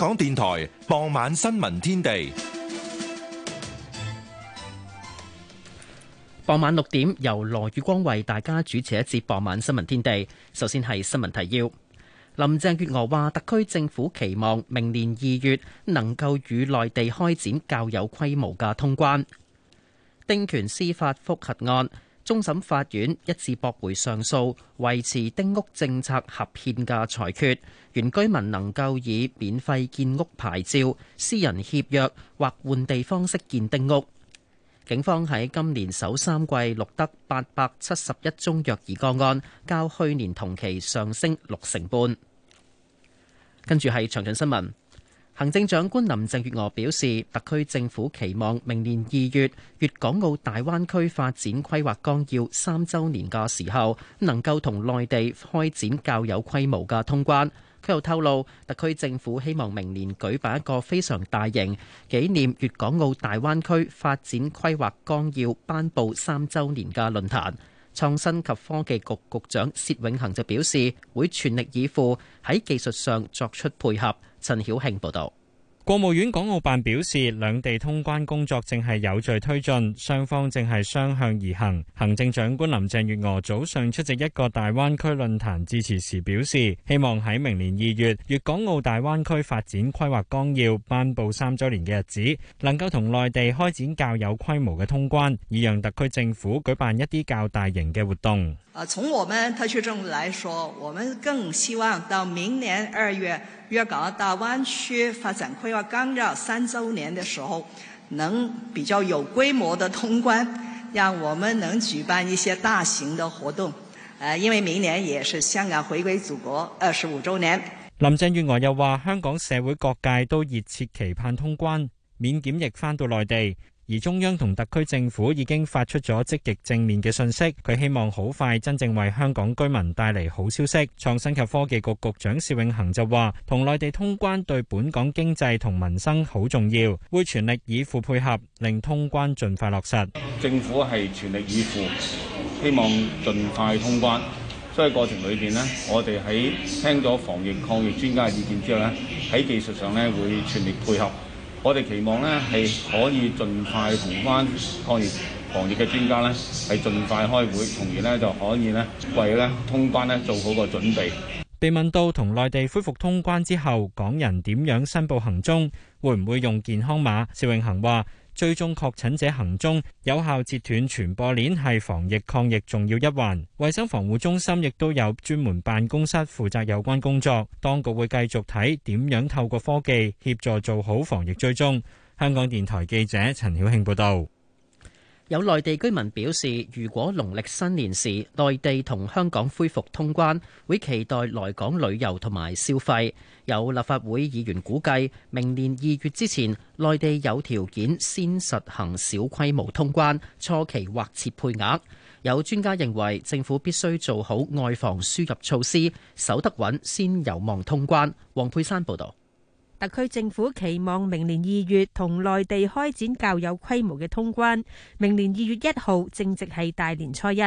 香港電台傍晚新聞天地，傍晚六點由羅宇光為大家主持一節傍晚新聞天地。首先係新聞提要：林鄭月娥話，特區政府期望明年二月能夠與內地開展較有規模嘅通關。丁權司法復核案。終審法院一致駁回上訴，維持丁屋政策合憲嘅裁決，原居民能夠以免費建屋牌照，私人協約或換地方式建丁屋。警方喺今年首三季錄得八百七十一宗虐兒個案，較去年同期上升六成半。跟住係詳盡新聞。行政長官林鄭月娥表示，特區政府期望明年二月，粵港澳大灣區發展規劃綱要三週年嘅時候，能夠同內地開展較有規模嘅通關。佢又透露，特區政府希望明年舉辦一個非常大型紀念粵港澳大灣區發展規劃綱要頒布三週年嘅論壇。創新及科技局局長薛永恆就表示，會全力以赴喺技術上作出配合。陳曉慶報導。國務院港澳辦表示，兩地通關工作正係有序推進，雙方正係雙向而行。行政長官林鄭月娥早上出席一個大灣區論壇致辭時表示，希望喺明年二月《粵港澳大灣區發展規劃綱要》頒布三周年嘅日子，能夠同內地開展較有規模嘅通關，以讓特區政府舉辦一啲較大型嘅活動。啊！從我們特區政府來說，我們更希望到明年二月，粵港澳大灣區發展規劃綱要三週年的時候，能比較有規模的通關，讓我們能舉辦一些大型的活動。因為明年也是香港回歸祖國二十五週年。林鄭月娥又話：香港社會各界都熱切期盼通關，免檢疫返到內地。而中央同特區政府已經發出咗積極正面嘅訊息，佢希望好快真正為香港居民帶嚟好消息。創新及科技局局局長邵永恆就話，同內地通關對本港經濟同民生好重要，會全力以赴配合，令通關盡快落實。政府係全力以赴，希望盡快通關。所以過程裏邊呢，我哋喺聽咗防疫抗疫專家嘅意見之後呢，喺技術上呢會全力配合。我哋期望呢係可以盡快同翻抗疫行業嘅專家呢係盡快開會，從而呢就可以呢為咧通關呢做好個準備。被問到同內地恢復通關之後，港人點樣申報行蹤，會唔會用健康碼？邵永恒話。追蹤確診者行蹤，有效截斷傳播鏈係防疫抗疫重要一環。衛生防護中心亦都有專門辦公室負責有關工作。當局會繼續睇點樣透過科技協助做好防疫追蹤。香港電台記者陳曉慶報道。有內地居民表示，如果農曆新年時內地同香港恢復通關，會期待來港旅遊同埋消費。有立法會議員估計，明年二月之前，內地有條件先實行小規模通關，初期或設配額。有專家認為，政府必須做好外防輸入措施，守得穩先有望通關。黃佩珊報導。特區政府期望明年二月同內地開展較有規模嘅通關。明年二月一號正值係大年初一，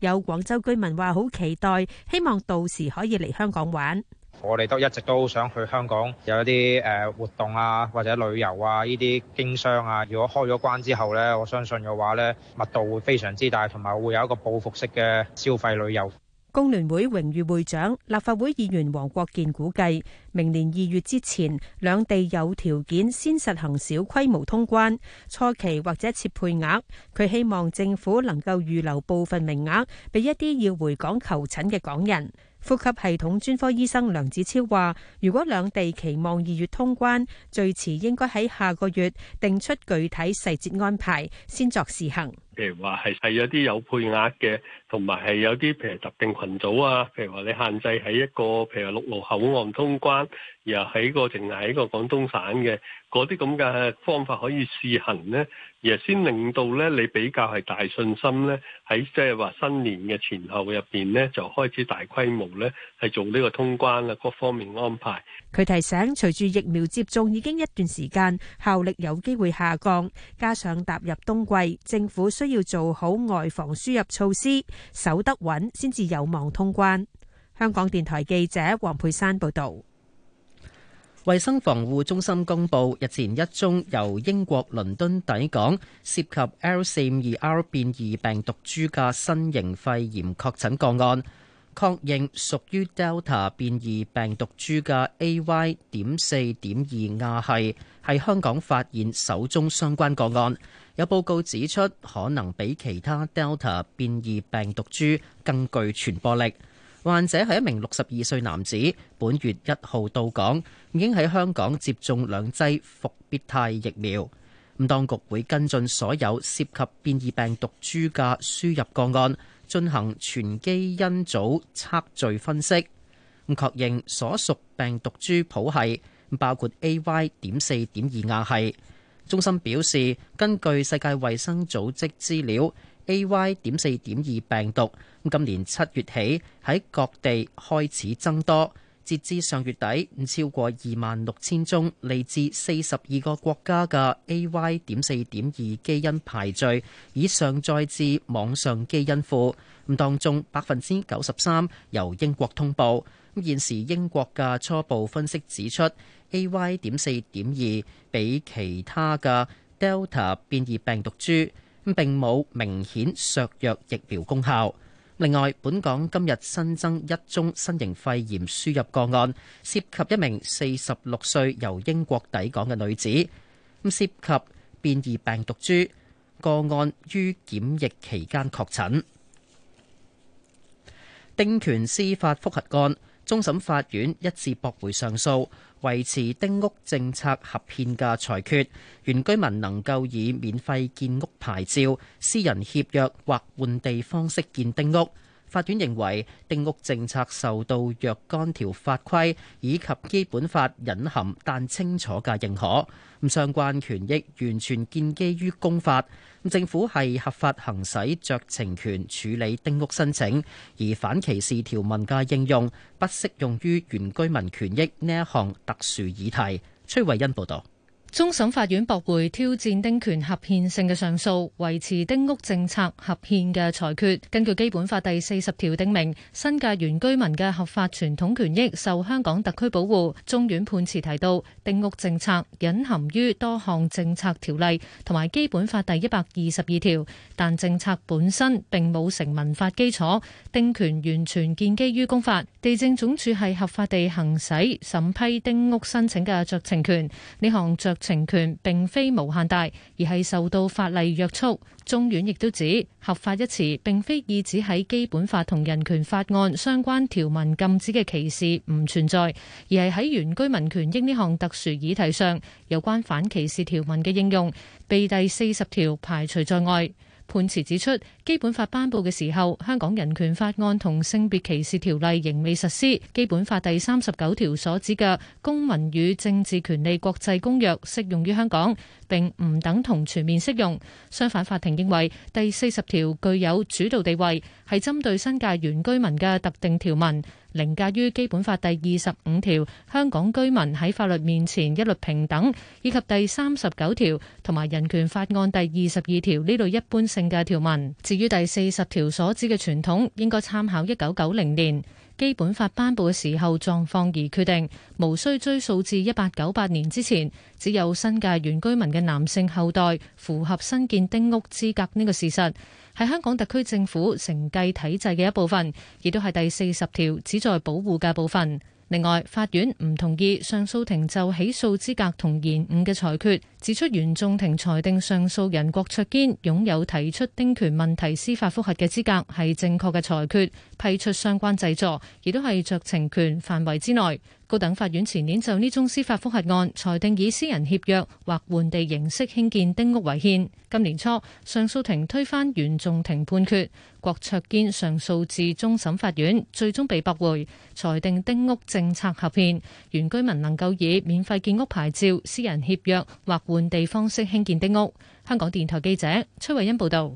有廣州居民話好期待，希望到時可以嚟香港玩。我哋都一直都好想去香港，有一啲誒，活動啊，或者旅遊啊，呢啲經商啊。如果開咗關之後呢，我相信嘅話呢，密度會非常之大，同埋會有一個報復式嘅消費旅遊。工聯會榮譽會長、立法會議員黃國健估計，明年二月之前兩地有條件先實行小規模通關，初期或者設配額。佢希望政府能夠預留部分名額，俾一啲要回港求診嘅港人。呼吸系統專科醫生梁子超話，如果兩地期望二月通關，最遲應該喺下個月定出具體細節安排，先作試行。譬如話係係有啲有配額嘅，同埋係有啲譬如特定群組啊，譬如話你限制喺一個譬如陸路口岸通關，然後喺個淨係喺個廣東省嘅，嗰啲咁嘅方法可以試行呢。而係先令到咧，你比較係大信心咧，喺即係話新年嘅前後入邊咧，就開始大規模咧，係做呢個通關啦，各方面安排。佢提醒，隨住疫苗接種已經一段時間，效力有機會下降，加上踏入冬季，政府需要做好外防輸入措施，守得穩先至有望通關。香港電台記者黃佩珊報道。衛生防護中心公布，日前一宗由英國倫敦抵港、涉及 L452R 變異病毒株嘅新型肺炎確診個案，確認屬於 Delta 變異病毒株嘅 AY 點四點二亞系，係香港發現首宗相關個案。有報告指出，可能比其他 Delta 變異病毒株更具傳播力。患者係一名六十二歲男子，本月一號到港，已經喺香港接種兩劑復必泰疫苗。咁，當局會跟進所有涉及變異病毒株嘅輸入個案，進行全基因組測序分析，咁確認所屬病毒株譜系，包括 AY 點四點二亞系。中心表示，根據世界衛生組織資料。AY. 點四點二病毒，今年七月起喺各地開始增多，截至上月底超過二萬六千宗嚟自四十二個國家嘅 AY. 點四點二基因排序已上載至網上基因庫，咁當中百分之九十三由英國通報。咁現時英國嘅初步分析指出，AY. 點四點二比其他嘅 Delta 變異病毒株。並冇明顯削弱疫苗功效。另外，本港今日新增一宗新型肺炎輸入個案，涉及一名四十六歲由英國抵港嘅女子，咁涉及變異病毒株，個案於檢疫期間確診。丁權司法覆核案，終審法院一致駁回上訴。維持丁屋政策合憲嘅裁決，原居民能夠以免費建屋牌照、私人協約或換地方式建丁屋。法院認為，丁屋政策受到若干條法規以及基本法隱含但清楚嘅認可，咁相關權益完全建基於公法。政府係合法行使酌情權處理丁屋申請，而反歧視條文嘅應用不適用於原居民權益呢一項特殊議題。崔慧恩報導。終審法院駁回挑戰丁權合憲性嘅上訴，維持丁屋政策合憲嘅裁決。根據基本法第四十條訂明，新界原居民嘅合法傳統權益受香港特區保護。中院判詞提到，丁屋政策隱含於多項政策條例同埋基本法第一百二十二條，但政策本身並冇成文法基礎。丁權完全建基於公法，地政總署係合法地行使審批丁屋申請嘅酌情權。呢項酌成權並非無限大，而係受到法例約束。中院亦都指，合法一詞並非意指喺基本法同人權法案相關條文禁止嘅歧視唔存在，而係喺原居民權益呢項特殊議題上，有關反歧視條文嘅應用被第四十條排除在外。判詞指出，基本法頒布嘅時候，香港人權法案同性別歧視條例仍未實施。基本法第三十九條所指嘅公民與政治權利國際公約適用於香港，並唔等同全面適用。相反，法庭認為第四十條具有主導地位，係針對新界原居民嘅特定條文。凌駕於《基本法》第二十五條，香港居民喺法律面前一律平等，以及第三十九條同埋《人權法案》第二十二條呢類一般性嘅條文。至於第四十條所指嘅傳統，應該參考一九九零年《基本法》頒布嘅時候狀況而決定，無需追溯至一八九八年之前。只有新界原居民嘅男性後代符合新建丁屋資格呢個事實。係香港特區政府承繼體制嘅一部分，亦都係第四十條旨在保護嘅部分。另外，法院唔同意上訴庭就起訴資格同延誤嘅裁決，指出原中庭裁定上訴人郭卓堅擁有提出丁權問題司法覆核嘅資格係正確嘅裁決，批出相關製作，亦都係酌情權範圍之內。高等法院前年就呢宗司法覆核案裁定，以私人協約或換地形式興建丁屋為限。今年初，上訴庭推翻原訟庭判決，郭卓堅上訴至終審法院，最終被駁回，裁定丁屋政策合憲，原居民能夠以免費建屋牌照、私人協約或換地方式興建丁屋。香港電台記者崔慧欣報道。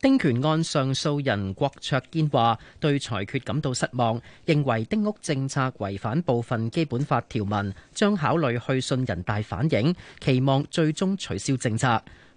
丁權案上訴人郭卓堅話：對裁決感到失望，認為丁屋政策違反部分基本法條文，將考慮去信人大反映，期望最終取消政策。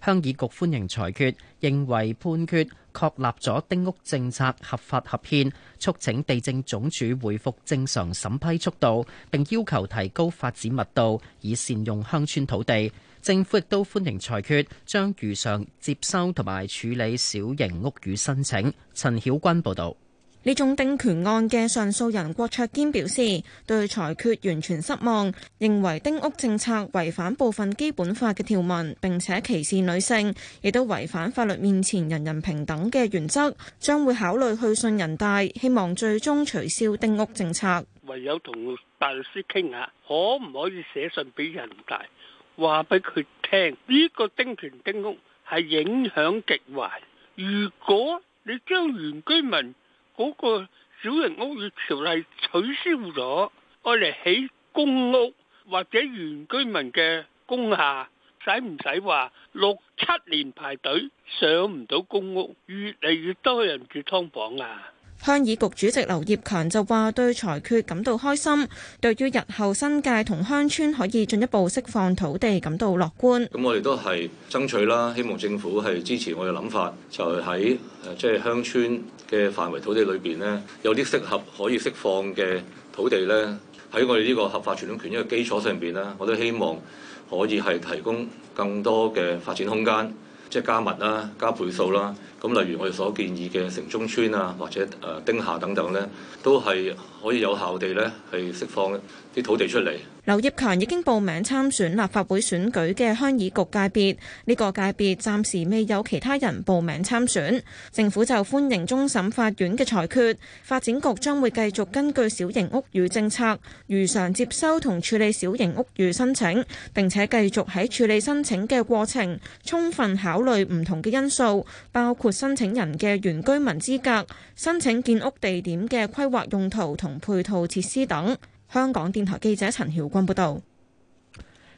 鄉議局歡迎裁決，認為判決確立咗丁屋政策合法合憲，促請地政總署恢復正常審批速度，並要求提高發展密度，以善用鄉村土地。政府亦都歡迎裁決，將如常接收同埋處理小型屋宇申請。陳曉君報導，呢宗丁權案嘅上訴人郭卓堅表示，對裁決完全失望，認為丁屋政策違反部分基本法嘅條文，並且歧視女性，亦都違反法律面前人人平等嘅原則，將會考慮去信人大，希望最終取消丁屋政策。唯有同大律師傾下，可唔可以寫信俾人大？話俾佢聽，呢、這個丁權丁屋係影響極壞。如果你將原居民嗰個小型屋嘅條例取消咗，愛嚟起公屋或者原居民嘅公廈，使唔使話六七年排隊上唔到公屋，越嚟越多人住劏房啊！鄉議局主席劉業強就話：對裁決感到開心，對於日後新界同鄉村可以進一步釋放土地感到樂觀。咁我哋都係爭取啦，希望政府係支持我嘅諗法，就係喺即係鄉村嘅範圍土地裏邊呢，有啲適合可以釋放嘅土地咧，喺我哋呢個合法傳統權益嘅基礎上邊呢，我都希望可以係提供更多嘅發展空間。即係加密啦、加倍數啦，咁例如我哋所建議嘅城中村啊，或者誒丁下等等咧，都係。可以有效地呢，去釋放啲土地出嚟。劉業強已經報名參選立法會選舉嘅鄉議局界別，呢個界別暫時未有其他人報名參選。政府就歡迎終審法院嘅裁決，發展局將會繼續根據小型屋宇政策，如常接收同處理小型屋宇申請，並且繼續喺處理申請嘅過程充分考慮唔同嘅因素，包括申請人嘅原居民資格、申請建屋地點嘅規劃用途同配套設施等。香港電台記者陳曉君報道，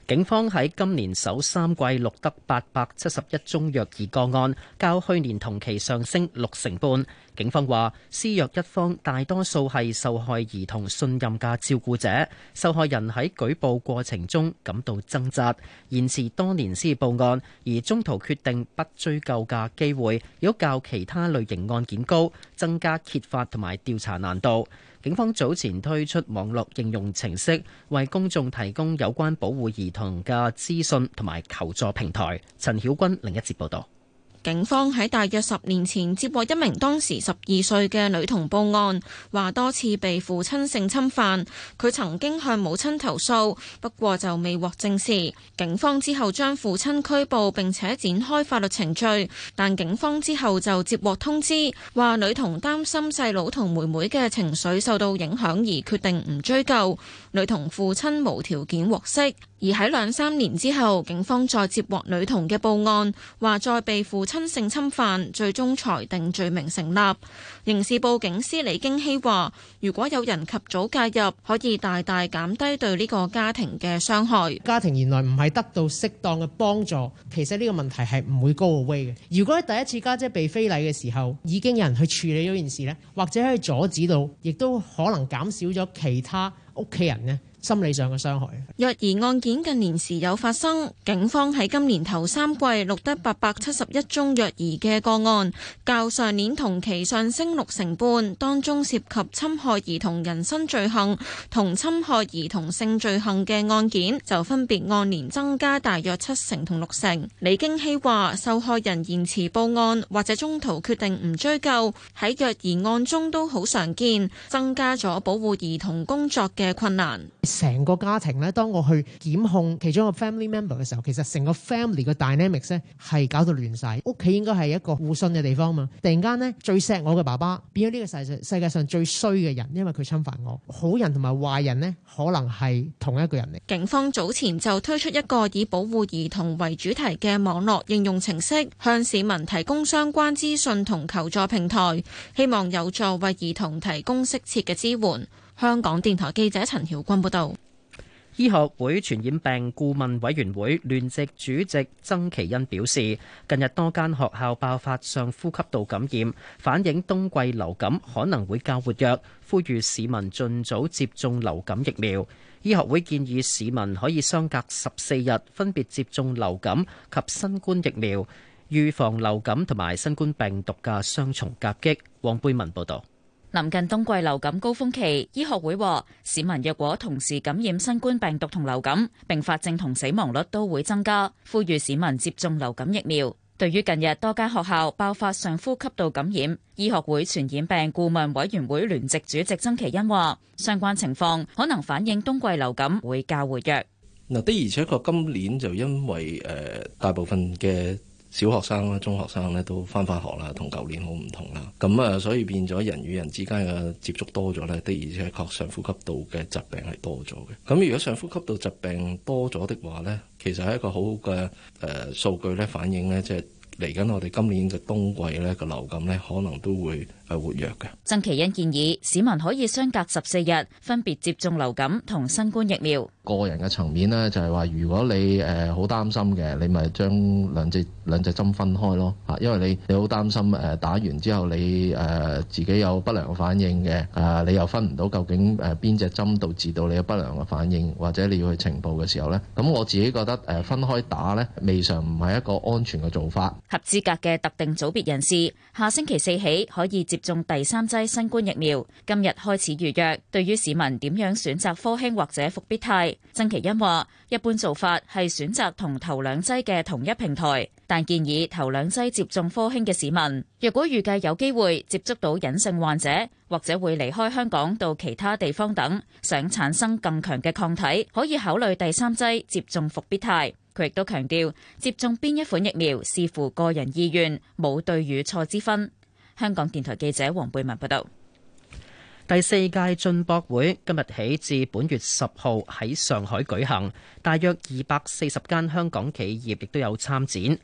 警方喺今年首三季錄得八百七十一宗虐兒個案，較去年同期上升六成半。警方話，施虐一方大多數係受害兒童信任嘅照顧者，受害人喺舉報過程中感到掙扎，延遲多年先報案，而中途決定不追究嘅機會，如果較其他類型案件高，增加揭發同埋調查難度。警方早前推出網絡應用程式，為公眾提供有關保護兒童嘅資訊同埋求助平台。陳曉君另一節報道。警方喺大約十年前接獲一名當時十二歲嘅女童報案，話多次被父親性侵犯。佢曾經向母親投訴，不過就未獲正視。警方之後將父親拘捕並且展開法律程序，但警方之後就接獲通知，話女童擔心細佬同妹妹嘅情緒受到影響，而決定唔追究。女童父親無條件獲釋，而喺兩三年之後，警方再接獲女童嘅報案，話再被父親性侵犯，最終裁定罪名成立。刑事部警司李京希話：如果有人及早介入，可以大大減低對呢個家庭嘅傷害。家庭原來唔係得到適當嘅幫助，其實呢個問題係唔會高 o a 嘅。如果喺第一次家姐，姐被非禮嘅時候已經有人去處理咗件事呢，或者可以阻止到，亦都可能減少咗其他。屋企人呢，心理上嘅傷害。虐兒案件近年時有發生，警方喺今年頭三季錄得八百七十一宗虐兒嘅個案，較上年同期上升六成半。當中涉及侵害兒童人身罪行同侵害兒童性罪行嘅案件，就分別按年增加大約七成同六成。李京熙話：受害人延遲報案或者中途決定唔追究，喺虐兒案中都好常見，增加咗保護兒童工作嘅困難。成個家庭咧，當我去檢控其中一個 family member 嘅時候，其實成個 family 嘅 dynamics 咧係搞到亂晒。屋企應該係一個互信嘅地方嘛！突然間呢，最錫我嘅爸爸變咗呢個世世界上最衰嘅人，因為佢侵犯我。好人同埋壞人呢，可能係同一個人嚟。警方早前就推出一個以保護兒童為主題嘅網絡應用程式，向市民提供相關資訊同求助平台，希望有助為兒童提供適切嘅支援。香港電台記者陳曉君報道。醫學會傳染病顧問委員會聯席主席曾奇恩表示，近日多間學校爆發上呼吸道感染，反映冬季流感可能會較活躍，呼籲市民盡早接種流感疫苗。醫學會建議市民可以相隔十四日分別接種流感及新冠疫苗，預防流感同埋新冠病毒嘅雙重夾擊。黃貝文報道。臨近冬季流感高峰期，醫學會話市民若果同時感染新冠病毒同流感，併發症同死亡率都會增加，呼籲市民接種流感疫苗。對於近日多間學校爆發上呼吸道感染，醫學會傳染病顧問委員會聯席主席曾祈殷話，相關情況可能反映冬季流感會較活躍。的而且確今年就因為誒、呃、大部分嘅小學生啦、中學生咧都翻返學啦，同舊年好唔同啦。咁啊，所以變咗人與人之間嘅接觸多咗咧，的而且確上呼吸道嘅疾病係多咗嘅。咁如果上呼吸道疾病多咗的話咧，其實係一個好好嘅誒數據咧，反映咧即係嚟緊我哋今年嘅冬季咧個流感咧，可能都會係活躍嘅。曾其欣建議市民可以相隔十四日分別接種流感同新冠疫苗。個人嘅層面呢，就係話，如果你誒好擔心嘅，你咪將兩隻兩隻針分開咯嚇，因為你你好擔心誒打完之後你誒、呃、自己有不良反應嘅啊、呃，你又分唔到究竟誒邊隻針導致到你有不良嘅反應，或者你要去呈報嘅時候呢。咁我自己覺得誒分開打呢，未嘗唔係一個安全嘅做法。合資格嘅特定組別人士，下星期四起可以接種第三劑新冠疫苗，今日開始預約。對於市民點樣選擇科興或者復必泰？曾其欣話，一般做法係選擇同頭兩劑嘅同一平台，但建議頭兩劑接種科興嘅市民，若果預計有機會接觸到隱性患者，或者會離開香港到其他地方等，想產生更強嘅抗體，可以考慮第三劑接種複必泰。佢亦都強調，接種邊一款疫苗視乎個人意願，冇對與錯之分。香港電台記者黃貝文報道。第四屆進博會今日起至本月十號喺上海舉行，大約二百四十間香港企業亦都有參展。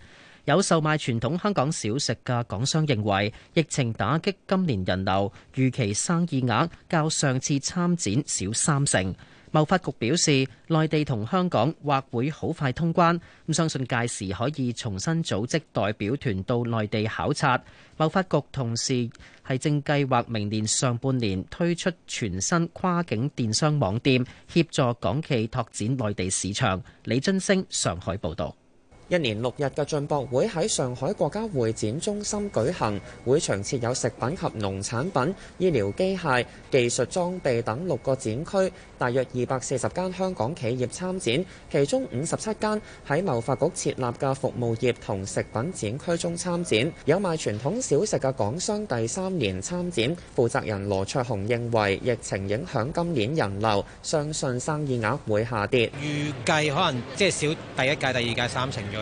有售賣傳統香港小食嘅港商認為，疫情打擊今年人流，預期生意額較上次參展少三成。貿發局表示，內地同香港或會好快通關，咁相信屆時可以重新組織代表團到內地考察。貿發局同時係正計劃明年上半年推出全新跨境電商網店，協助港企拓展內地市場。李津星上海報導。一年六日嘅進博會喺上海國家會展中心舉行，會場設有食品及農產品、醫療機械、技術裝備等六個展區，大約二百四十間香港企業參展，其中五十七間喺貿發局設立嘅服務業同食品展區中參展。有賣傳統小食嘅港商第三年參展，負責人羅卓雄認為疫情影響今年人流，相信生意額會下跌，預計可能即係少第一屆、第二屆三成咗。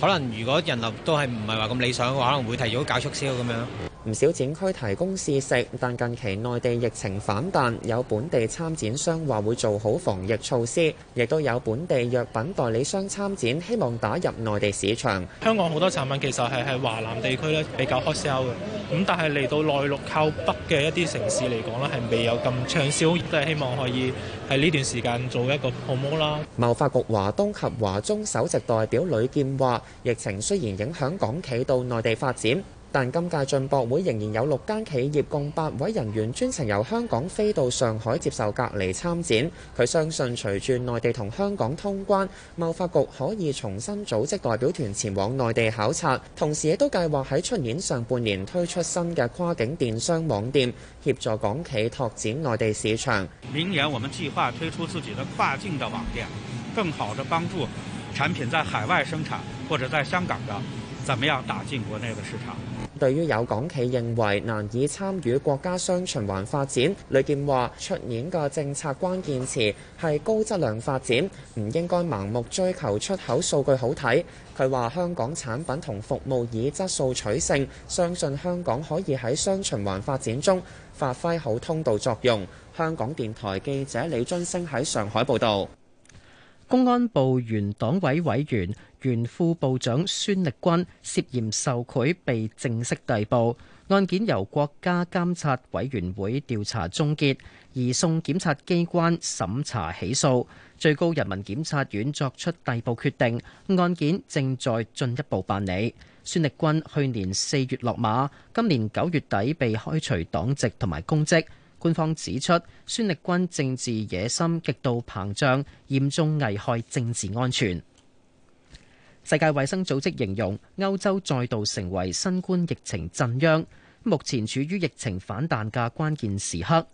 可能如果人流都係唔係話咁理想嘅話，可能會提早搞促銷咁樣。唔少展區提供試食，但近期內地疫情反彈，有本地參展商話會做好防疫措施，亦都有本地藥品代理商參展，希望打入內地市場。香港好多產品其實係喺華南地區咧比較 hot sell 嘅，咁但係嚟到內陸靠北嘅一啲城市嚟講呢係未有咁暢銷，都係希望可以。喺呢段時間做一個泡沫啦。貿發局華東及華中首席代表呂劍華，疫情雖然影響港企到內地發展。但今屆進博會仍然有六間企業共八位人員專程由香港飛到上海接受隔離參展。佢相信隨住內地同香港通關，貿發局可以重新組織代表團前往內地考察，同時亦都計劃喺出年上半年推出新嘅跨境電商網店，協助港企拓展內地市場。明年我們計劃推出自己的跨境的網店，更好的幫助產品在海外生產或者在香港的，怎麼樣打進國內的市場。對於有港企認為難以參與國家雙循環發展，李健話出年嘅政策關鍵詞係高質量發展，唔應該盲目追求出口數據好睇。佢話香港產品同服務以質素取勝，相信香港可以喺雙循環發展中發揮好通道作用。香港電台記者李津升喺上海報道。公安部原黨委委員、原副部長孫力軍涉嫌受賄被正式逮捕，案件由國家監察委員會調查終結，移送檢察機關審查起訴，最高人民檢察院作出逮捕決定，案件正在進一步辦理。孫力軍去年四月落馬，今年九月底被開除黨籍同埋公職。官方指出，孫力軍政治野心極度膨脹，嚴重危害政治安全。世界衛生組織形容歐洲再度成為新冠疫情震央，目前處於疫情反彈嘅關鍵時刻。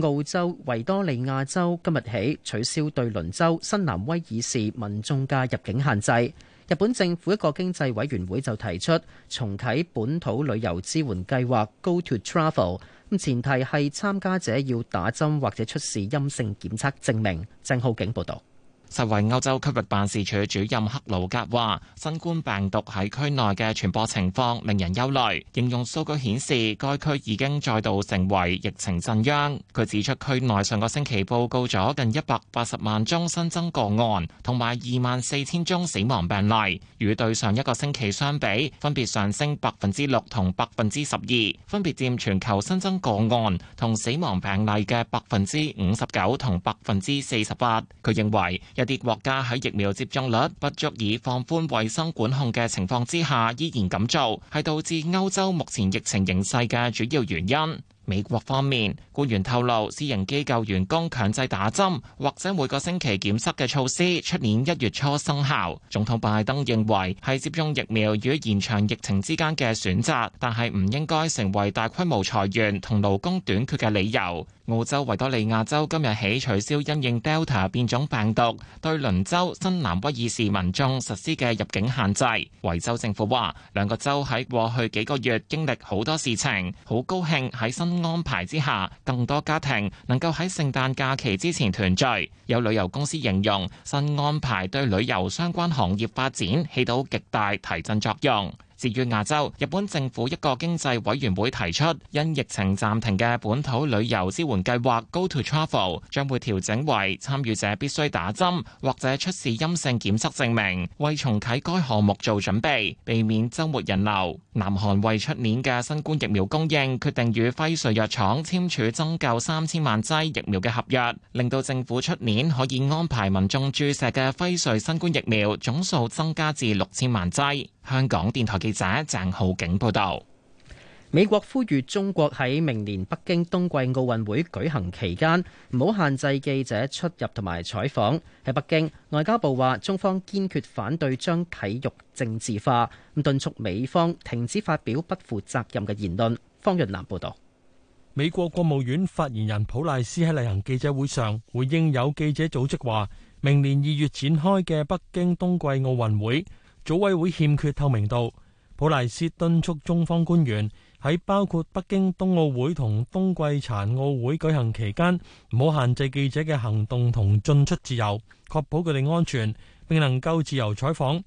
澳洲維多利亞州今日起取消對倫州、新南威爾士民眾嘅入境限制。日本政府一個經濟委員會就提出重啟本土旅遊支援計劃，Go To Travel。前提係參加者要打針，或者出示陰性檢測證明正警。鄭浩景報道。實惠世衛原文誤歐洲區域辦事處主任克魯格話，新冠病毒喺區內嘅傳播情況令人憂慮，應用數據顯示，該區已經再度成為疫情鎮央。佢指出，區內上個星期報告咗近一百八十萬宗新增個案，同埋二萬四千宗死亡病例，與對上一個星期相比，分別上升百分之六同百分之十二，分別佔全球新增個案同死亡病例嘅百分之五十九同百分之四十八。佢認為。一啲國家喺疫苗接種率不足以放寬衛生管控嘅情況之下，依然咁做，係導致歐洲目前疫情形勢嘅主要原因。美國方面官員透露，私營機構員工強制打針或者每個星期檢測嘅措施，出年一月初生效。總統拜登認為係接種疫苗與延長疫情之間嘅選擇，但係唔應該成為大規模裁員同勞工短缺嘅理由。澳洲維多利亞州今日起取消因應 Delta 變種病毒對鄰州新南威爾士民眾實施嘅入境限制。維州政府話，兩個州喺過去幾個月經歷好多事情，好高興喺新安排之下，更多家庭能夠喺聖誕假期之前團聚。有旅遊公司形容新安排對旅遊相關行業發展起到極大提振作用。至於亞洲，日本政府一個經濟委員會提出，因疫情暫停嘅本土旅遊支援計劃 Go To Travel 將會調整為參與者必須打針或者出示陰性檢測證明，為重啟該項目做準備，避免周末人流。南韓為出年嘅新冠疫苗供應，決定與輝瑞藥廠簽署增購三千萬劑疫苗嘅合約，令到政府出年可以安排民眾注射嘅輝瑞新冠疫苗總數增加至六千萬劑。香港電台記者鄭浩景報道：美國呼籲中國喺明年北京冬季奧運會舉行期間唔好限制記者出入同埋採訪。喺北京，外交部話中方堅決反對將體育政治化，咁敦促美方停止發表不負責任嘅言論。方潤南報道：美國國務院發言人普賴斯喺例行記者會上回應，有記者組織話，明年二月展開嘅北京冬季奧運會，組委會欠缺透明度，普萊斯敦促中方官員喺包括北京冬奧會同冬季殘奧會舉行期間，唔好限制記者嘅行動同進出自由，確保佢哋安全，並能夠自由採訪。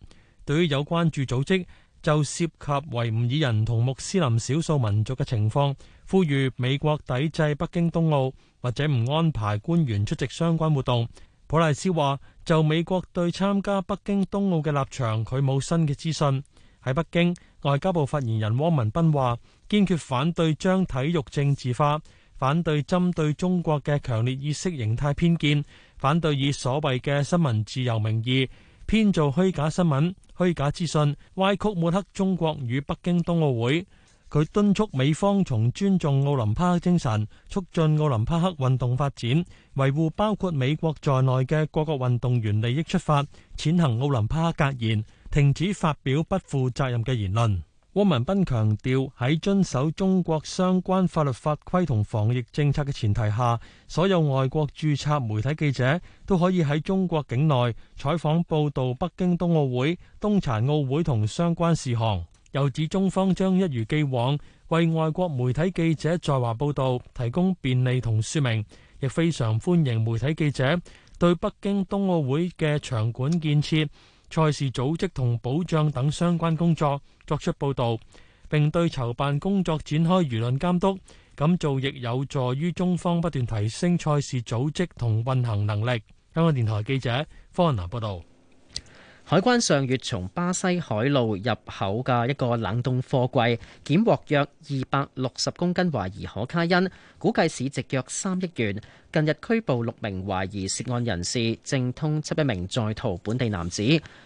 對於有關注組織就涉及維吾爾人同穆斯林少數民族嘅情況，呼籲美國抵制北京冬奧或者唔安排官員出席相關活動。普賴斯話：就美國對參加北京冬奧嘅立場，佢冇新嘅資訊。喺北京，外交部發言人汪文斌話：堅決反對將體育政治化，反對針對中國嘅強烈意識形態偏見，反對以所謂嘅新聞自由名義，編造虛假新聞、虛假資訊，歪曲抹黑中國與北京冬奧會。佢敦促美方從尊重奧林匹克精神、促進奧林匹克運動發展、維護包括美國在內嘅各國運動員利益出發，踐行奧林匹克格言，停止發表不負責任嘅言論。汪文斌強調，喺遵守中國相關法律法規同防疫政策嘅前提下，所有外國註冊媒體記者都可以喺中國境內採訪報道北京冬奧會、冬殘奧會同相關事項。又指中方將一如既往為外國媒體記者在華報導提供便利同説明，亦非常歡迎媒體記者對北京冬奧會嘅場館建設、賽事組織同保障等相關工作作出報導，並對籌辦工作展開輿論監督。咁做亦有助於中方不斷提升賽事組織同運行能力。香港電台記者方雲南報道。海關上月從巴西海路入口嘅一個冷凍貨櫃，檢獲約二百六十公斤懷疑可卡因，估計市值約三億元。近日拘捕六名懷疑涉案人士，正通緝一名在逃本地男子。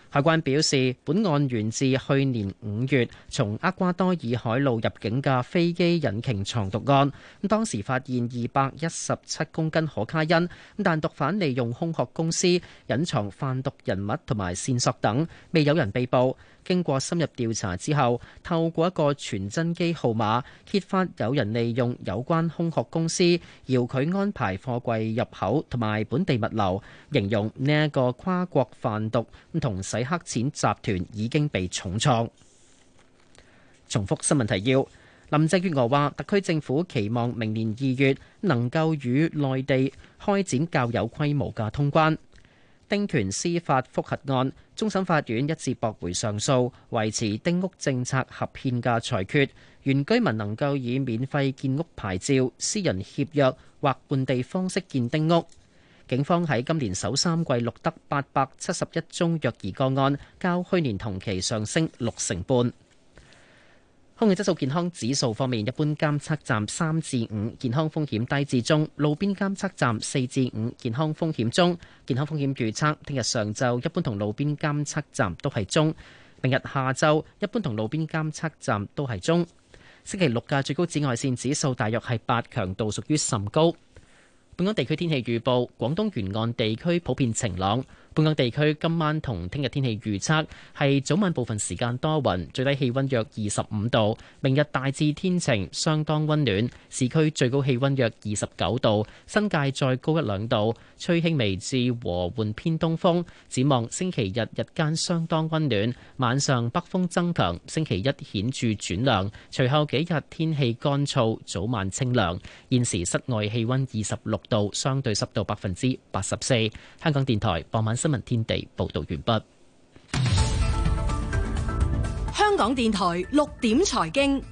海關表示，本案源自去年五月從厄瓜多爾海路入境嘅飛機引擎藏毒案，當時發現二百一十七公斤可卡因。但毒販利用空殼公司隱藏販毒人物同埋線索等，未有人被捕。經過深入調查之後，透過一個傳真機號碼揭發有人利用有關空殼公司，要佢安排放。包括入口同埋本地物流，形容呢一個跨國販毒咁同洗黑錢集團已經被重創。重複新聞提要：林鄭月娥話，特區政府期望明年二月能夠與內地開展較有規模嘅通關。丁權司法複核案，終審法院一致駁回上訴，維持丁屋政策合憲嘅裁決。原居民能夠以免費建屋牌照、私人協約或換地方式建丁屋。警方喺今年首三季錄得八百七十一宗虐兒個案，較去年同期上升六成半。空氣質素健康指數方面，一般監測站三至五，健康風險低至中；路邊監測站四至五，健康風險中。健康風險預測：聽日上晝一般同路邊監測站都係中；明日下晝一般同路邊監測站都係中。星期六嘅最高紫外線指數大約係八，強度屬於甚高。本港地區天氣預報：廣東沿岸地區普遍晴朗。本港地區今晚同聽日天氣預測係早晚部分時間多雲，最低氣溫約二十五度。明日大致天晴，相當溫暖，市區最高氣溫約二十九度，新界再高一兩度，吹輕微至和緩偏東風。展望星期日日間相當溫暖，晚上北風增強。星期一顯著轉涼，隨後幾日天氣乾燥，早晚清涼。現時室外氣溫二十六度，相對濕度百分之八十四。香港電台傍晚新聞天地報道完畢。香港電台六點財經。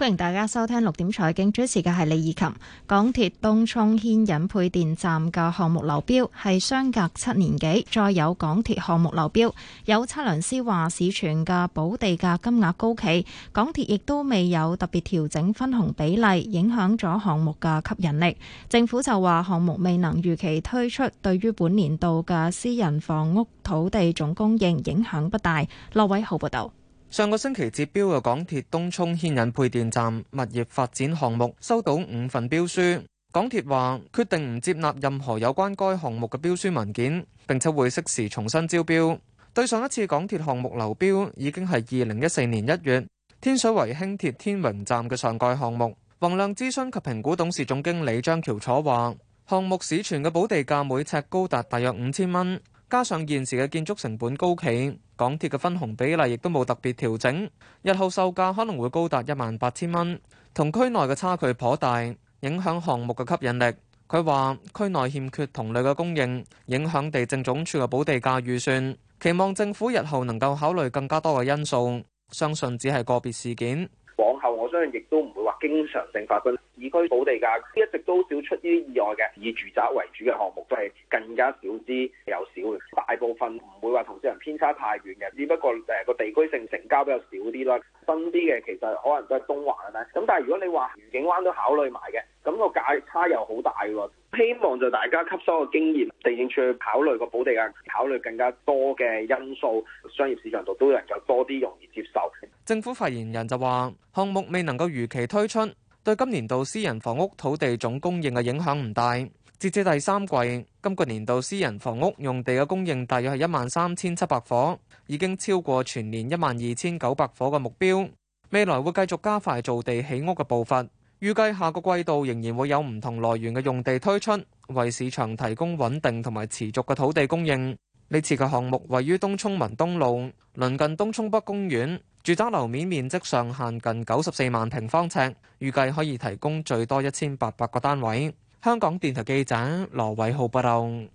歡迎大家收聽六點財經，主持嘅係李怡琴。港鐵東涌牽引配電站嘅項目流標係相隔七年幾，再有港鐵項目流標，有測量師話市傳嘅補地價金額高企，港鐵亦都未有特別調整分紅比例，影響咗項目嘅吸引力。政府就話項目未能如期推出，對於本年度嘅私人房屋土地總供應影，影響不大。駱偉浩報道。上個星期截標嘅港鐵東涌牽引配電站物業發展項目，收到五份標書。港鐵話決定唔接納任何有關該項目嘅標書文件，並且會適時重新招標。對上一次港鐵項目流標已經係二零一四年一月，天水圍輕鐵天榮站嘅上蓋項目。宏亮諮詢及評估董事總經理張橋楚話，項目市傳嘅補地價每尺高達大約五千蚊。加上現時嘅建築成本高企，港鐵嘅分紅比例亦都冇特別調整，日後售價可能會高達一萬八千蚊，同區內嘅差距頗大，影響項目嘅吸引力。佢話區內欠缺同類嘅供應，影響地政總署嘅補地價預算，期望政府日後能夠考慮更加多嘅因素，相信只係個別事件。往後我相信亦都唔會話經常性發生，市區土地價，一直都少出呢啲意外嘅，以住宅為主嘅項目都係更加少之又少嘅，大部分唔會話同市場偏差太遠嘅，只不過誒個地區性成交比較少啲啦。新啲嘅其實可能都係東環啦，咁但係如果你話愉景灣都考慮埋嘅，咁個價差又好大喎。希望就大家吸收嘅經驗，地政處去考慮個補地價，考慮更加多嘅因素，商業市場度都能夠多啲容易接受。政府發言人就話，項目未能夠如期推出，對今年度私人房屋土地總供應嘅影響唔大。截至第三季，今個年度私人房屋用地嘅供應大約係一萬三千七百伙，已經超過全年一萬二千九百伙嘅目標。未來會繼續加快造地起屋嘅步伐。預計下個季度仍然會有唔同來源嘅用地推出，為市場提供穩定同埋持續嘅土地供應。呢次嘅項目位於東涌文東路，鄰近東涌北公園，住宅樓面面積上限近九十四萬平方尺，預計可以提供最多一千八百個單位。香港電台記者羅偉浩報道。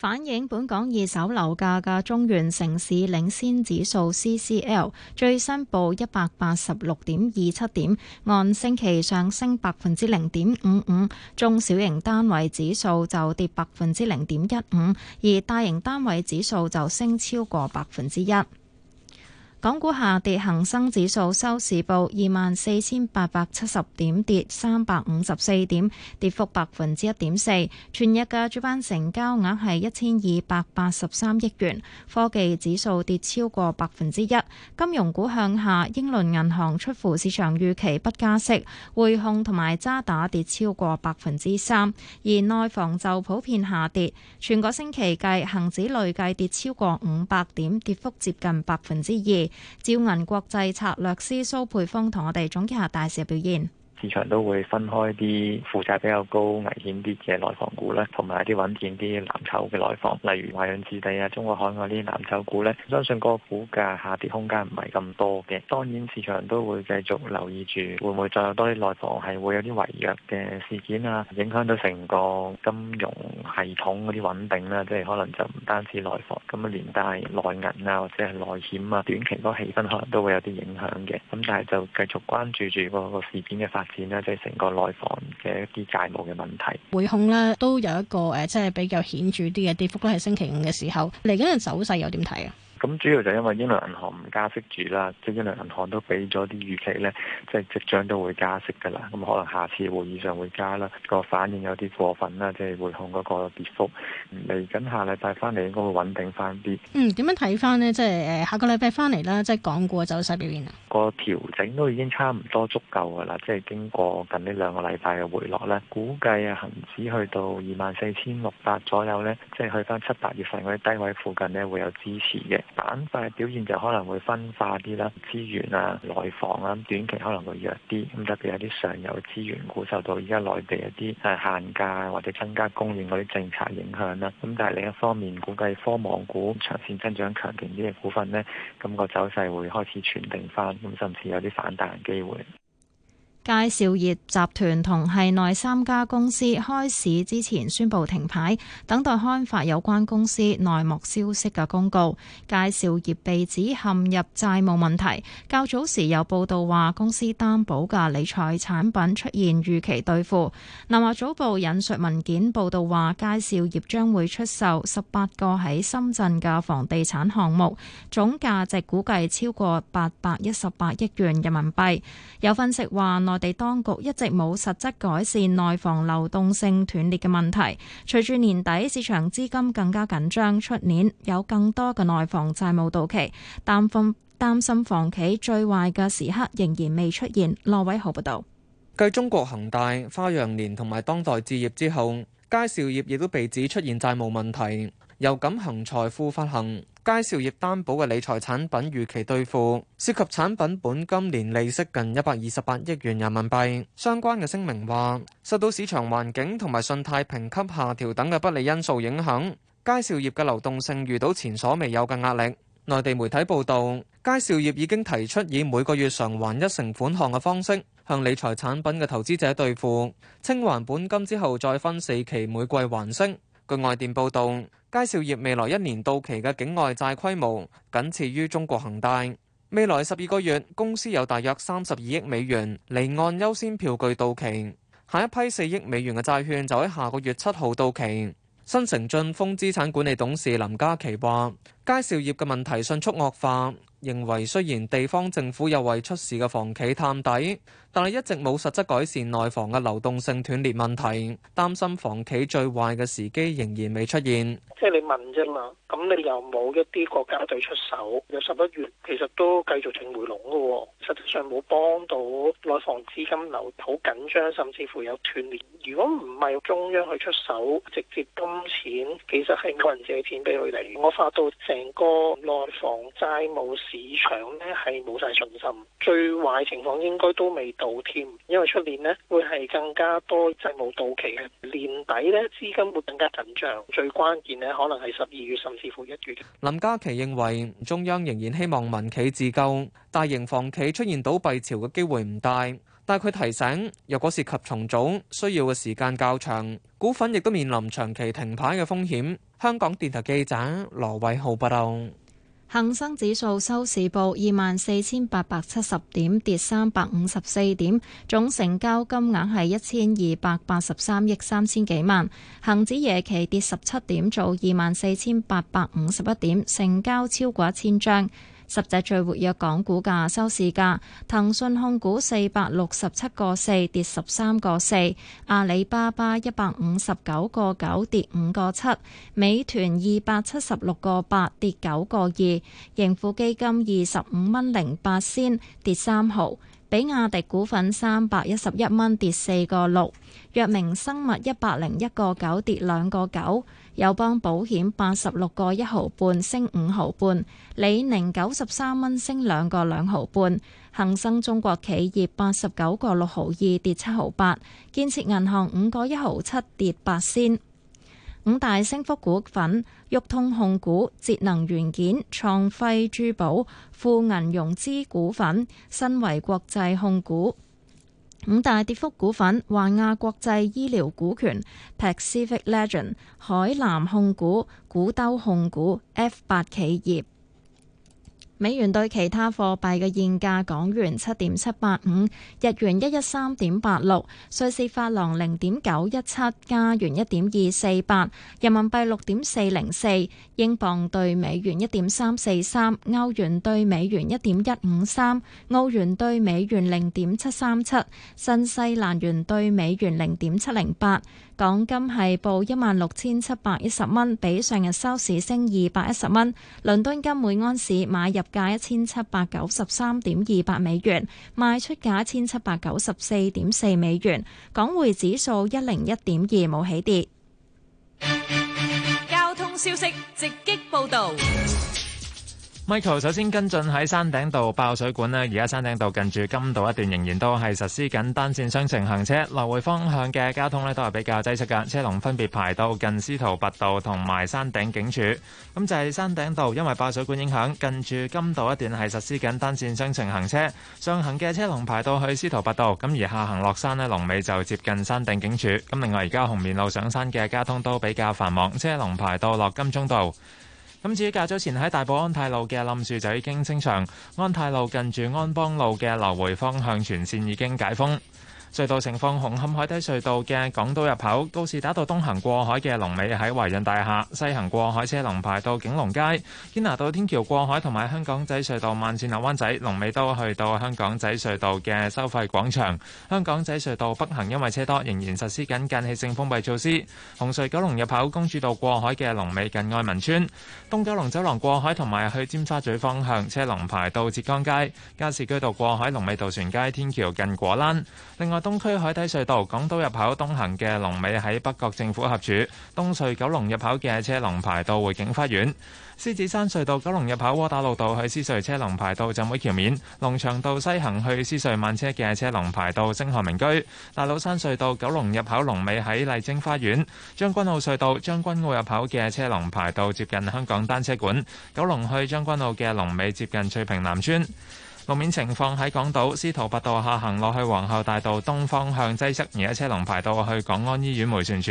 反映本港二手樓價嘅中原城市領先指數 （CCL） 最新報一百八十六點二七點，按星期上升百分之零點五五，中小型單位指數就跌百分之零點一五，而大型單位指數就升超過百分之一。港股下跌，恆生指數收市報二萬四千八百七十點，跌三百五十四點，跌幅百分之一點四。全日嘅主板成交額係一千二百八十三億元。科技指數跌超過百分之一，金融股向下，英倫銀行出乎市場預期不加息，匯控同埋渣打跌超過百分之三，而內房就普遍下跌。全個星期計，恒指累計跌超過五百點，跌幅接近百分之二。招銀國際策略師蘇佩峰同我哋總結下大市嘅表現。市場都會分開啲負債比較高、危險啲嘅內房股咧，同埋一啲穩健啲藍籌嘅內房，例如華潤置地啊、中國海外呢啲藍籌股咧，相信個股價下跌空間唔係咁多嘅。當然市場都會繼續留意住，會唔會再有多啲內房係會有啲違約嘅事件啊，影響到成個金融系統嗰啲穩定啦、啊。即係可能就唔單止內房，咁啊連帶內銀啊，或者係內險啊，短期嗰個氣氛可能都會有啲影響嘅。咁但係就繼續關注住嗰個事件嘅發展。片咧，即係成個內房嘅一啲債務嘅問題，匯控咧都有一個誒、呃，即係比較顯著啲嘅跌幅咧，係星期五嘅時候，嚟緊嘅走勢又點睇啊？咁主要就因為英倫銀行唔加息住啦，即係英倫銀行都俾咗啲預期咧，即係即將都會加息噶啦。咁可能下次會議上會加啦，個反應有啲過分啦，即係滙控嗰個跌幅嚟緊下禮拜翻嚟應該會穩定翻啲。嗯，點樣睇翻咧？即係誒下個禮拜翻嚟啦，即係港股嘅走勢表現啊？個調整都已經差唔多足夠噶啦，即係經過近呢兩個禮拜嘅回落咧，估計啊，恒指去到二萬四千六百左右咧，即係去翻七八月份嗰啲低位附近咧，會有支持嘅。板塊表現就可能會分化啲啦，資源啊、內房啊，短期可能會弱啲。咁特別有啲上游資源股受到而家內地一啲係限價或者增加供應嗰啲政策影響啦。咁但係另一方面，估計科網股長線增長強勁啲嘅股份呢，咁、那個走勢會開始轉定翻，咁甚至有啲反彈嘅機會。佳兆業集團同系內三家公司開市之前宣布停牌，等待刊發有關公司內幕消息嘅公告。佳兆業被指陷入債務問題，較早時有報道話公司擔保嘅理財產品出現逾期兌付。南華早報引述文件報道話，佳兆業將會出售十八個喺深圳嘅房地產項目，總價值估計超過八百一十八億元人民幣。有分析話，內地當局一直冇實質改善內房流動性斷裂嘅問題，隨住年底市場資金更加緊張，出年有更多嘅內房債務到期，擔分擔心房企最壞嘅時刻仍然未出現。羅偉豪報道，繼中國恒大、花樣年同埋當代置業之後，佳兆業亦都被指出現債務問題。由錦恒財富發行佳兆業擔保嘅理財產品逾期兌付，涉及產品本金年利息近一百二十八億元人民幣。相關嘅聲明話，受到市場環境同埋信貸評級下調等嘅不利因素影響，佳兆業嘅流動性遇到前所未有嘅壓力。內地媒體報道，佳兆業已經提出以每個月償還一成款項嘅方式向理財產品嘅投資者兌付，清還本金之後再分四期每季還息。據外電報道。佳兆業未來一年到期嘅境外債規模僅次於中國恒大。未來十二個月，公司有大約三十二億美元離岸優先票據到期，下一批四億美元嘅債券就喺下個月七號到期。新城進豐資產管理董事林嘉琪話：佳兆業嘅問題迅速惡化，認為雖然地方政府有為出事嘅房企探底。但係一直冇實質改善內房嘅流動性斷裂問題，擔心房企最壞嘅時機仍然未出現。即係你問啫嘛，咁你又冇一啲國家隊出手。有十一月其實都繼續整回籠嘅、哦，實際上冇幫到內房資金流好緊張，甚至乎有斷裂。如果唔係中央去出手直接金錢，其實係冇人借錢俾佢哋。我發到成個內房債務市場呢，係冇晒信心，最壞情況應該都未。到添，因為出年咧會係更加多債務到期嘅，年底咧資金會更加緊張，最關鍵咧可能係十二月甚至乎一月。林嘉琪認為中央仍然希望民企自救，大型房企出現倒閉潮嘅機會唔大，但係佢提醒，若果涉及重組，需要嘅時間較長，股份亦都面臨長期停牌嘅風險。香港電台記者羅偉浩報道。恆生指數收市報二萬四千八百七十點，跌三百五十四點，總成交金額係一千二百八十三億三千幾萬。恒指夜期跌十七點，做二萬四千八百五十一點，成交超過一千張。十隻最活躍港股價收市價，騰訊控股四百六十七個四，跌十三個四；阿里巴巴一百五十九個九，跌五個七；美團二百七十六個八，跌九個二；盈富基金二十五蚊零八仙，跌三毫；比亞迪股份三百一十一蚊，跌四個六；藥明生物一百零一個九，跌兩個九。友邦保險八十六個一毫半升五毫半，李寧九十三蚊升兩個兩毫半，恒生中國企業八十九個六毫二跌七毫八，建設銀行五個一毫七跌八仙。五大升幅股份：玉通控股、節能元件、創輝珠寶、富銀融資股份、新維國際控股。五大跌幅股份：環亞國際醫療股權、Pacific Legend、海南控股、古兜控股、F8 企業。美元兌其他貨幣嘅現價：港元七點七八五，日元一一三點八六，瑞士法郎零點九一七，加元一點二四八，人民幣六點四零四，英鎊對美元一點三四三，歐元對美元一點一五三，澳元對美元零點七三七，新西蘭元對美元零點七零八。港金係報一萬六千七百一十蚊，比上日收市升二百一十蚊。倫敦金每安士買入價一千七百九十三點二八美元，賣出價一千七百九十四點四美元。港匯指數一零一點二冇起跌。交通消息直擊報道。Michael 首先跟進喺山頂道爆水管咧，而家山頂道近住金道一段仍然都係實施緊單線雙程行車，來回方向嘅交通咧都係比較擠塞嘅，車龍分別排到近司徒拔道同埋山頂警署。咁就係山頂道，因為爆水管影響，近住金道一段係實施緊單線雙程行車，上行嘅車龍排到去司徒拔道，咁而下行落山咧龍尾就接近山頂警署。咁另外而家紅棉路上山嘅交通都比較繁忙，車龍排到落金鐘道。咁至於較早前喺大埔安泰路嘅冧樹，就已經清場。安泰路近住安邦路嘅流回方向，全線已經解封。隧道情況：紅磡海底隧道嘅港島入口、告士打道東行過海嘅龍尾喺華潤大廈；西行過海車龍排到景隆街。堅拿道天橋過海同埋香港仔隧道慢線落灣仔龍尾都去到香港仔隧道嘅收費廣場。香港仔隧道北行因為車多，仍然實施緊間歇性封閉措施。紅隧九龍入口公主道過海嘅龍尾近愛民邨、東九龍走廊過海同埋去尖沙咀方向車龍排到浙江街。加士居道過海龍尾渡船街天橋近果欄。另外，東區海底隧道港島入口東行嘅龍尾喺北角政府合署，東隧九龍入口嘅車龍排到匯景花園；獅子山隧道九龍入口窩打老道去獅隧車龍排到浸會橋面，龍翔道西行去獅隧慢車嘅車龍排到星河名居；大老山隧道九龍入口龍尾喺麗晶花園，將軍澳隧道將軍澳入口嘅車龍排到接近香港單車館，九龍去將軍澳嘅龍尾接近翠屏南村。路面情況喺港島，司徒拔道下行落去皇后大道東方向擠塞，而家車龍排到去港安醫院迴旋處。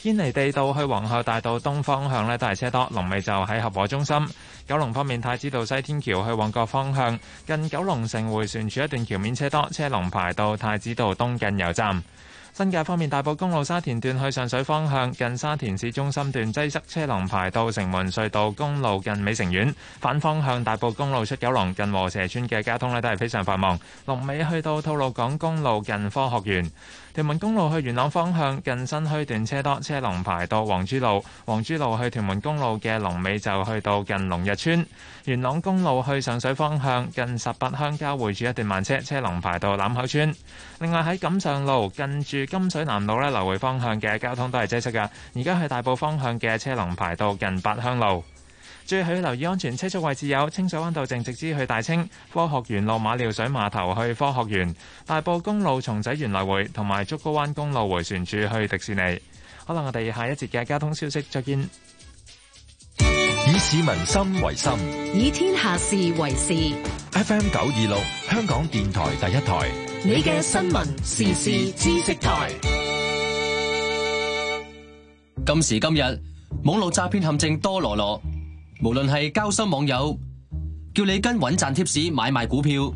堅尼地道去皇后大道東方向呢，都係車多，龍尾就喺合和中心。九龍方面太子道西天橋去旺角方向，近九龍城迴旋處一段橋面車多，車龍排到太子道東近油站。新界方面，大埔公路沙田段去上水方向，近沙田市中心段擠塞，車龍排到城門隧道公路近美城苑；反方向大埔公路出九龍近和蛇村嘅交通呢都係非常繁忙。龍尾去到吐露港公路近科學園。屯門公路去元朗方向近新墟段車多，車龍排到黃珠路。黃珠路去屯門公路嘅龍尾就去到近龍日村。元朗公路去上水方向近十八鄉交匯處一段慢車，車龍排到欖口村。另外喺錦上路近住金水南路呢流回方向嘅交通都係擠塞㗎。而家去大埔方向嘅車龍排到近八鄉路。最係要留意安全車速位置有清水灣道正直之去大清科學園，落馬料水碼頭去科學園、大埔公路松仔園來回，同埋竹篙灣公路回旋處去迪士尼。可能我哋下一節嘅交通消息再見。以市民心為心，以天下事為事。F M 九二六香港電台第一台，你嘅新聞時事知識台。今時今日，網絡詐騙陷阱多羅羅無論係交心網友叫你跟穩賺貼士買賣股票，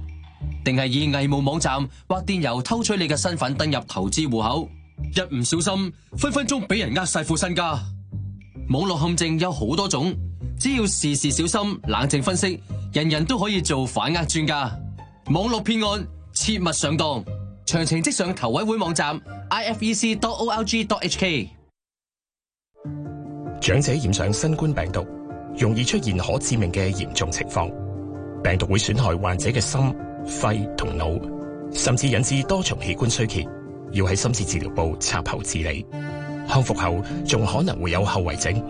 定係以偽冒網站或電郵偷取你嘅身份登入投資戶口，一唔小心分分鐘俾人呃晒副身家。網絡陷阱有好多種，只要時時小心冷靜分析，人人都可以做反呃專家。網絡騙案切勿上當，詳情即上投委會網站 ifec.org.hk。長者染上新冠病毒。容易出現可致命嘅嚴重情況，病毒會損害患者嘅心、肺同腦，甚至引致多重器官衰竭，要喺深切治療部插喉治理。康復後仲可能會有後遺症。